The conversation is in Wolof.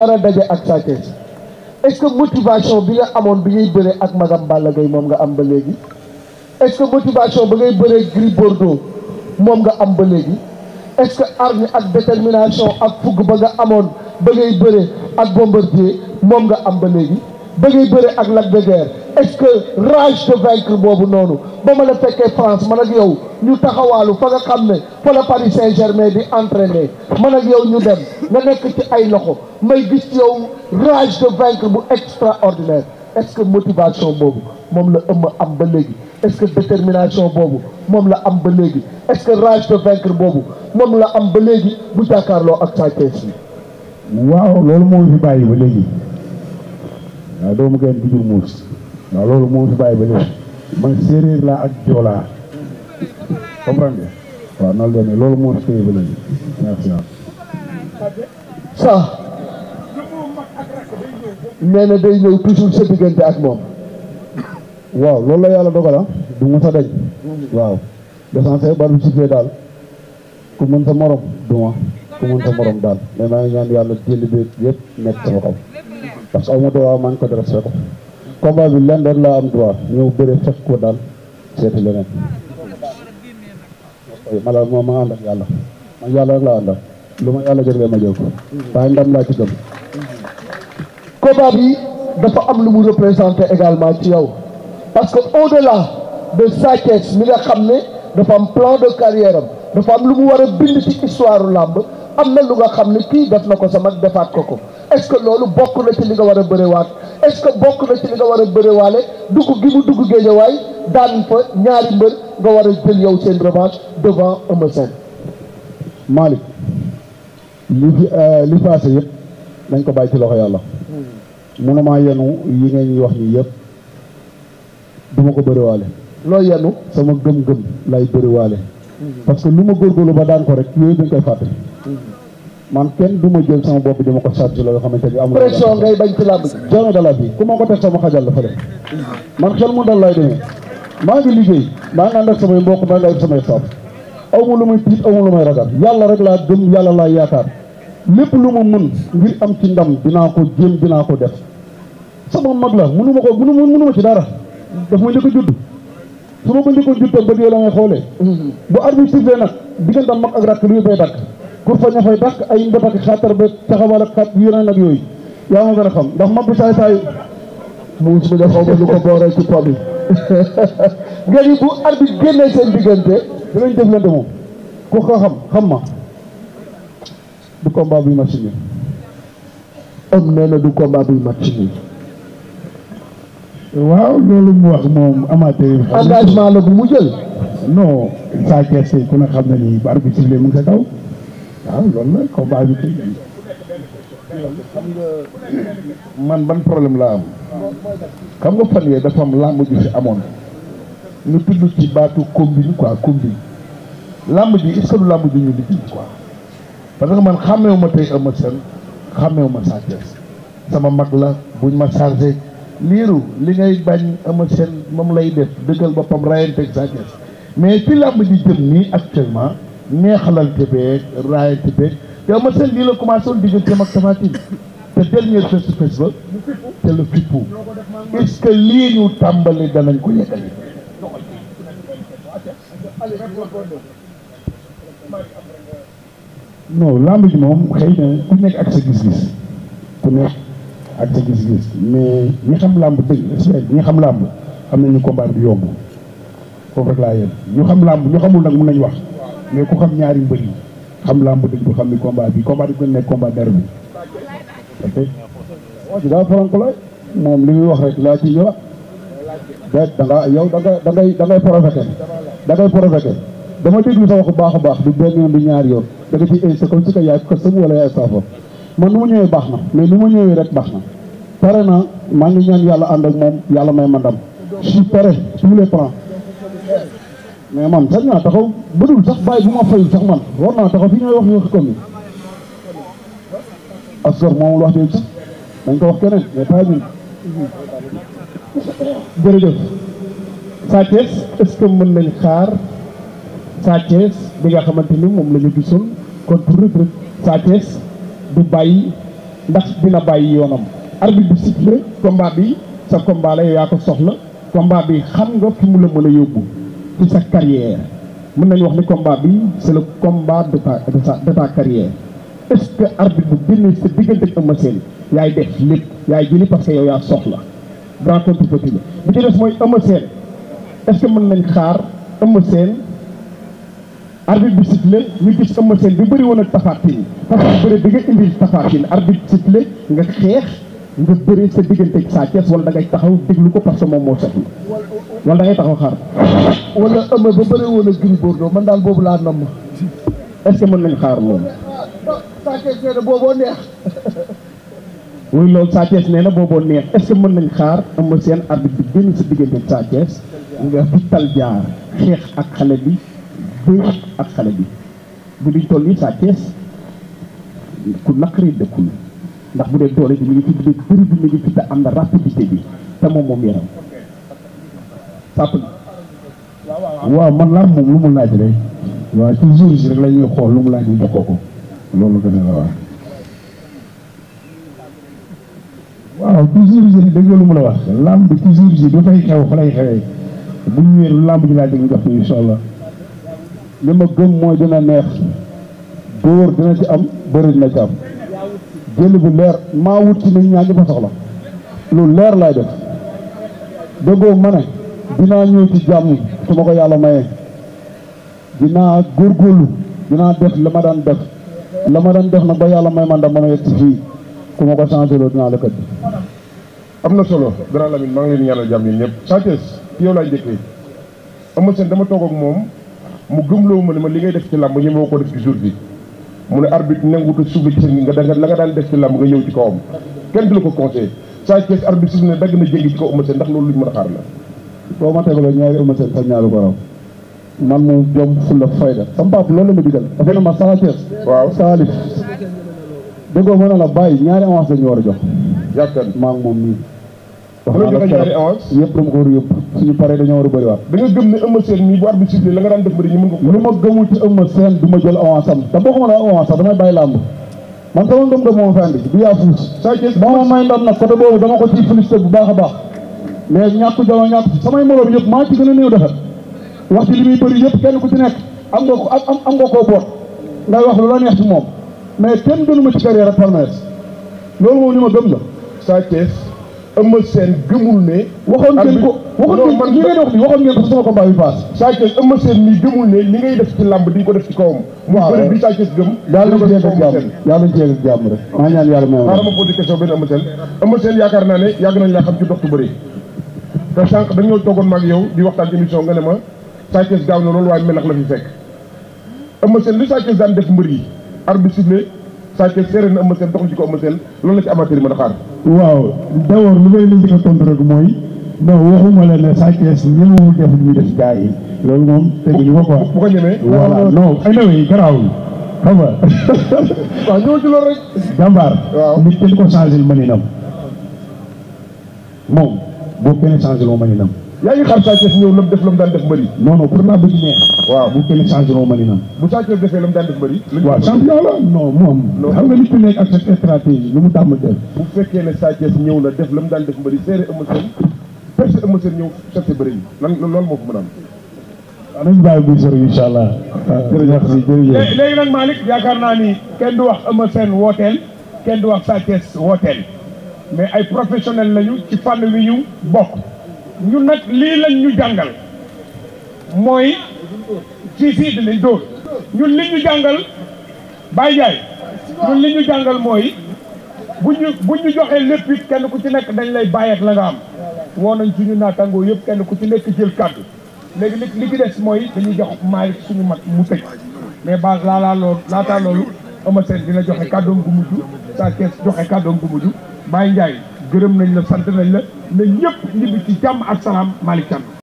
war a daje ak Sa est-ce que motivation bi nga amoon bi ngay bëree ak magam Balla gay moom nga am ba léegi est-ce que motivation ba ngay bëree Gris Bordeaux moom nga am ba léegi est-ce que hargne ak détermination ak fugg ba nga amoon ba ngay bëree ak Bombardier moom nga am ba léegi ba ngay bëree ak Lac de Guiers est-ce que rage de vaincre boobu noonu ba ma la fekkee France man ak yow ñu taxawaalu fa nga xam ne fa la Paris Saint-Germain di entraîner man ak yow ñu dem nga nekk ci ay loxo may gis yow rage de vaincre bu extraordinaire est-ce que motivation boobu moom la ëmb am ba léegi est-ce que boobu moom la am ba léegi est-ce de vaincre boobu moom la am ba léegi bu jàkkaarloo ak Sa yi waaw loolu moo fi bàyyi ba léegi waaw doomu kenn du jur muus waaw loolu moo fi bàyyi ba léegi man séeréer laa ak joolaa comprendre nga waaw noonu la loolu moo téye ba léegi merci waaw. sax nee ñëw toujours sa diggante ak moom. waaw loolu la yàlla dogala ah. du mu sa dañ waaw l'essentiel ba du sifee daal ku mën sa morom duma ku mën sa morom daal mais maa ñaan yàlla jëli bi yëpp nekk sama xol parce que amu droit maa ngi ko def fekk combat bi lenn laa am droit ñëw bëre fekk ko daal seeti leneen fay ma la moom ma ànd ak yàlla man yàlla rek la àndal lu ma yàlla jël ma jël ko ndam laa ci gëm. combat bi dafa am lu mu représenté également ci yow parce que au delà de Sa Thiès mi xam ne dafa am plan de carrière am dafa am lu mu war a bind ci histoire làmb am na lu nga xam ne kii def na ko sama defaat ko ko. est-ce que loolu bokk na ci li nga war a bëriwaat est-ce bokk na ci li nga war a bëriwaale dugg gi mu dugg géejawaay daan fa ñaari mbër nga war a jël yow seen revanche devant Eumeu Sène Malick li euh, li passé yëpp dañ ko bàyyi ci loxo yàlla hmm. mënuma yenu yi nga ñuy wax nii yëpp duma ko bëriwaale loo yenu sama gëm-gëm lay bëriwaale hmm. parce que lu ma góorgóorlu ba daan ko rek yooyu dañ koy fàtte hmm. man kenn duma jël sama bop di ma ko chargé la yoo xamante ni am pression ngay bañ ci làmb jono dala bi kuma ko teg sama xajal la fa def man xel mu dal lay demee maa ngi liggéey ma nga ndax sama mbokk ma ngay sama top awu lu muy tit awu lu muy ragal yalla rek la gëm yalla la yaakar lepp lu mu mën ngir am ci ndam dina ko jéem dina ko def sama mag la mënu ma ko mënu mënu ci dara daf ma njëkk judd suma ko ndiko judd ba la ngay xoolee mm-hmm. bu arbitre nak digëndam mak mag ak rakk luy bay dakk pour fa ña fay dakk ay ndëpp ak xatar ba taxawal ak xat yu ma gën a xam ndax saay saay muus mi nga xaw ma lu ko booree ci po bi nga ni bu ar bi génnee seen diggante dinañ jëflante moom ku ko xam xam ma du combat buy match nii am nee na du combat buy match nii waaw loolu mu wax moom amateur engagement la bu mu jël non saa kees ku ne xam na ni bu ar bi sifflé mu ngi sa kaw waaw ah, loolu na combat bi tey xam man ban problème laa am xam nga fan yee dafa am làmb ji fi amoon ñu tudd ci baatu combine quoi combine làmb ji est-ce que làmb ji ñu liggéey quoi parce que man xàmmewuma tey Eumeu Sène xàmmewuma Sa Thiès sama mag la buñ ma chargé liiru li ngay bañ Eumeu Sène moom lay def dëggal boppam rayanteeg Sa Thiès mais fi làmb ji jëm nii actuellement neexalante beeg raayante beeg te Eumeu Sène lii la commencé woon digganteem ak Tapha Tine te dernière face to face ba te la fippu est-ce que lii ñu tàmbali danañ ko yeggali non lamb ji moom xëy na ku nekk ak sa gis-gis ku nekk ak sa gis-gis mais ñi xam lamb dëgg c'est ñi xam làmb xam nañu combat bi yomb foofu rek laa yem ñu xam lamb ñu xamul nag mun nañu wax mais ku xam ñaari mbeul yi xam lamb dëgg bu xam ni combat bi combat dañ nek combat derby parce que waa ji daa faranku la moom li wax rek la ci ñëwaat déet da nga yow da nga da ngay da ngay profété da ngay profété dama déglu sa wax baax baax du benn yoon du ñaar yoon da nga ci ay sa ci si ko yaay ko sëb wala yaay saafa man nu ñewé baax na mais nu ma ñëwee rek baax na paré na maa ngi ñaan yalla and ak mom yalla may mandam ci paré tous les plans mais man sax naa taxaw bëdul sax bàyyi bu ma fayul sax man war naa taxaw fii ñooy wax ñu wax commune asgor moom wax tey sax dañ ko wax keneen mais pas ñun jërëjëf Sa mën nañ xaar Sa bi nga xamante ni moom la ñu gisoon contre Reug Reug Sa Thiès du bàyyi ndax dina bàyyi yoonam arbitre bi sifflé combat bi sa combat la yaa ko soxla combat bi xam nga fi mu la mën a yóbbu de sa carrière mën nañu wax ni combat bi c'est le combat de ta de sa carrière est-ce que arbitre bu génne sa diggante ak yaay def lépp yaay jëli parce que yow yaa soxla grand contre petit la bi ci des mooy Eumeu Sène est que mën nañ xaar Eumeu Sène arbitre bi sifflé ñu gis Eumeu bi bëri woon ak parce que bëri bi nga indil Tapha Tine nga xeex nga bëri sa digënté ak Sa Thiès wala da ngay taxaw diglu ko parce que moom moo soxla wala da ngay taxaw xaar. wala ëmë ba bëré woon gën Gris Bordeaux man daal bobu la namm. est ce mën nañ xaar mom Sa Thiès né na booboo neex. muy loolu Sa Thiès né na booboo neex est ce mën nañ xaar ëmë seen arbitre bi gën sa digënté ak Sa Thiès nga bu tal jaar xex ak xalé bi bu ak xalé bi bu di tolli Sa Thiès ku nakri de ku ndax bu dee doole bi mi ngi ci bëri bi mi ngi ci te am na rapidité bi te moom moom yaram waaw man laa moom lu mu laaj rek waaw ci jour si rek lu mu laaj a wax waaw toujours ji dégg lu mu la wax làmb xewee bu ñu wéeru ji laa dégg jox ko incha allah li ma gëm mooy dina neex dóor dina ci am bëri na ci am jëli bu leer maa wut ci nit ñaa ñu ko soxla lu leer laa def dëggoo ma ne dinaa ñëw ci jàmm su ma ko yàlla mayee dinaa góorgóorlu dinaa def la ma daan def la ma daan def na ba yàlla may man da mën a fii ku ko changé loo dinaa la kat am na solo grand Lamine maa ngi leen ñaanal jàmm yéen ñëpp Sathies ci yow laa jëkkee ama seen dama toog ak moom mu gëmloo ma ne ma li ngay def ci làmb ñi ma ko def ci jour bi mu ne arbitre nanguwut a soufflé ci nga da nga la nga daan def ci làmb nga ñëw ci kawam kenn du la ko conseillé saa kees arbitre suuf ne dagg na jëngi ci kaw Eumeu Sène ndax loolu lu ñu mën a xaar la. boo ma tegaloo ñaari Eumeu Sène sax ñaaru ko raw man moom jom fulla fayda sama papa loolu la ma digal dafa ne ma saa kees waaw saalif déggoo ma ne la bàyyi ñaari avance la ñu war a jox. yaakaar naa maa moom nii. dafa joxe ñaari avance yëpp dama ko war a yóbbu suñu paree dañoo war a bëriwaat da nga gëm ne Eumeu Sène mi bu arbitre sifflé la nga daan def bëri ñu mën ko lu ma gëmul ci Eumeu Sène du ma jël avance am te boo ko mën a damay bàyyi làmb man ko ciy félicité bu a samay moroom yëpp maa ci gën a néew defet wax ci li muy bëri yëpp kenn ku ci nekk am nga koo boot ngay wax lu la neex ci moom mais kenn gënu ci carrière ak palmarès loolu moom li ma gëm la Eumeu Sène gëmul ne. waxoon ngeen ko waxoon ngeen li ngeen wax bi waxoon ngeen ko sama combat bi paas. Sa Thiès Eumeu gëmul ne li ngay def ci làmb di ko def ci kawam. waaw mu bëri bi Sa gëm. yàlla nañ cee gëm jàmm yàlla naa ne yàgg nañ laa xam ci dox bu bëri. te sànq dañoo toogoon ma yow di waxtaan émission nga ne ma Sa gaaw na loolu waaye melax la fi fekk Eumeu Sène li Sa Thiès daan def mbër yi Sathiès séeréer na Eumeu Sène doxul ci ko Eumeu Sène loolu la ci amateur yi mën a xaar waaw d'abord lu may leen di tontu rek mooy non waxuma la ne Sathiès ñëwul def ñu def gars loolu moom teguñu ko quoi bu ko ñemee voilà ah, non ah, ay nawee garaawul nga waaw loolu rek jàmbaar nit kenn ko changé maninam moom boo kenn changé loo maninam yaa ngi xaar Sathiès ñëw lam def lam daan def mbëri non non pour naa bëgg neex waaw bu kenn changé roo mali na bu Sathiès defee lam daan def mbëri sa stratégie lu mu tàmm def bu fekkee ne Sathiès ñëw na def lam daan def mbëri seere ëma seen perse ëma seen ñëw bëri yi loolu moo ko mën a am waaw nañu bàyyi bu sori incha allah jërëjëf jërëjëf léegi nag Malick yaakaar naa ni kenn du wax ëma seen wooteel kenn du wax Sathiès wooteel mais ay professionnel lañu ci fànn wi ñu bokk ñun nag lii lañ ñu jàngal mooy ci fii dinañ dóor ñun li ñu jàngal Baye Ndiaye ñun li ñu jàngal mooy bu ñu bu ñu joxee lépp it kenn ku ci nekk dañ lay bàyyi ak la nga am woo nañ suñu naatangoo yëpp kenn ku ci nekk jël kàddu léegi li li ci des mooy dañu jox Malick suñu mag mu tëj mais ba laalaa loolu laataa loolu Eumeu Sène dina joxe kàddoom bu mujj saa kees joxe kàddoom gu mujj Baye Ndiaye gërëm nañ la sant nañ la na ñëpp ñibbi ci jàmm ak salaam Malick Thiam